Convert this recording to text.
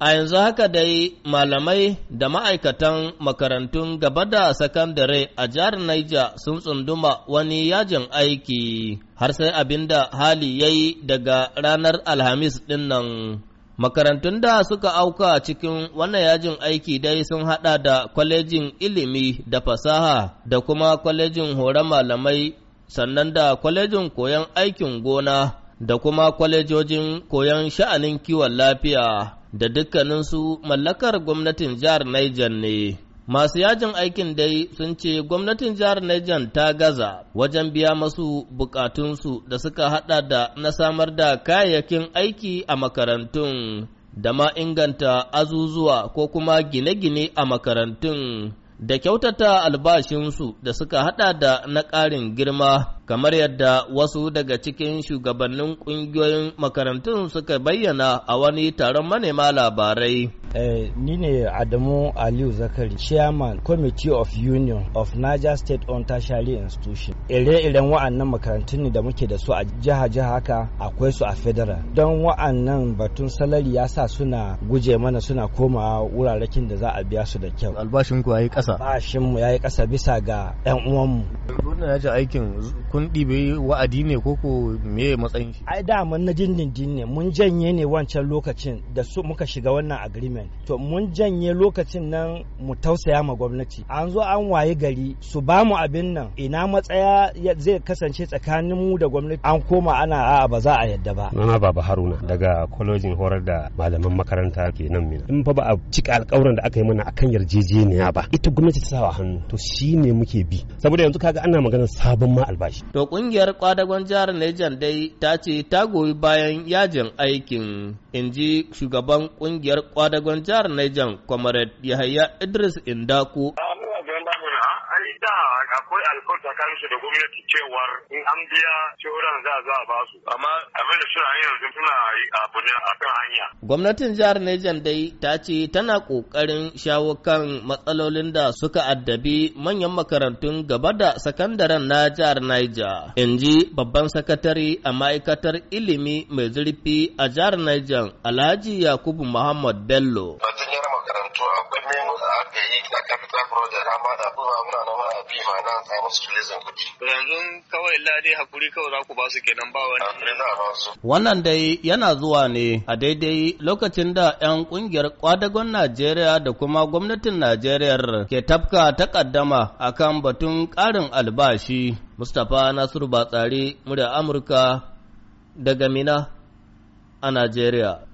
A yanzu haka dai malamai da ma'aikatan makarantun gaba da sakandare a jihar Niger sun tsunduma wani yajin aiki har sai abin da hali ya yi daga ranar Alhamis ɗin nan. Makarantun da suka auka cikin wannan yajin aiki dai sun haɗa da kwalejin ilimi da fasaha da kuma kwalejin horon malamai sannan da kwalejin koyon aikin gona. da kuma kwalejojin koyon sha'anin kiwon lafiya da dukkaninsu mallakar gwamnatin jihar Niger ne. Masu yajin aikin dai sun ce gwamnatin jihar Niger ta gaza wajen biya masu bukatunsu da suka hada da na samar da kayayyakin aiki a makarantun da ma inganta azuzuwa ko kuma gine-gine a makarantun. da kyautata albashinsu da suka hada da na ƙarin girma kamar yadda wasu daga cikin shugabannin ƙungiyoyin makarantun suka bayyana a wani taron manema labarai. Eh, ni ne Adamu Aliyu Zakari, Chairman Committee of Union of Niger State on Tertiary Institution. Ire-iren wa'annan makarantun ne da muke da su a jiha-jiha haka akwai su a federal. Don wa'annan batun salari ya sa suna guje mana suna komawa wuraren da za a biya su da kyau. Albashin ƙasa bashinmu ya yi ƙasa bisa ga 'yan uwanmu wannan yaji aikin kun ɗibe wa'adi ne ko ko me matsayin shi ai da mun na dindindin ne mun janye ne wancan lokacin da su muka shiga wannan agreement to mun janye lokacin nan mu tausaya ma gwamnati an zo an waye gari su ba mu abin nan ina matsaya zai kasance tsakanin mu da gwamnati an koma ana a'a ba za a yadda ba nana baba haruna daga college horar da malaman makaranta kenan mina in fa ba a cika alƙawuran da aka yi mana akan yarjejeniya ba ita gwamnati ta sawa hannu to shi ne muke bi saboda yanzu kaga ana maganar sabon ma albashi to kungiyar kwadagon jihar Niger dai ta ce ta goyi bayan yajin aikin inji shugaban kungiyar kwadagon jihar Niger Comrade Yahaya Idris Indaku tsakaninsu da gwamnati cewar in an biya shoran za za a basu amma abin da suna yanzu suna abu ne a kan hanya. Gwamnatin jihar Nejan dai ta ce tana ƙoƙarin shawo kan matsalolin da suka addabi manyan makarantun gaba da sakandaren na jihar Niger. In ji babban sakatare a ma'aikatar ilimi mai zurfi a jihar Niger Alhaji Yakubu Muhammad Bello. to a memo da aka yi na capital project amma da kuma muna na mana bi ma na samu su filizin kuɗi. yanzu kawai ladi hakuri kawai za ku ba su kenan ba wani. wannan dai yana zuwa ne a daidai lokacin da 'yan kungiyar kwadagon najeriya da kuma gwamnatin najeriya ke tafka takaddama kan batun ƙarin albashi mustapha nasiru batsari murya amurka daga mina a najeriya